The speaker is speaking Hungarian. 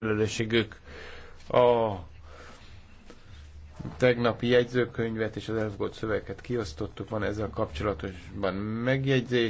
felelősségük a tegnapi jegyzőkönyvet és az elfogott szöveget kiosztottuk, van ezzel kapcsolatosban megjegyzés.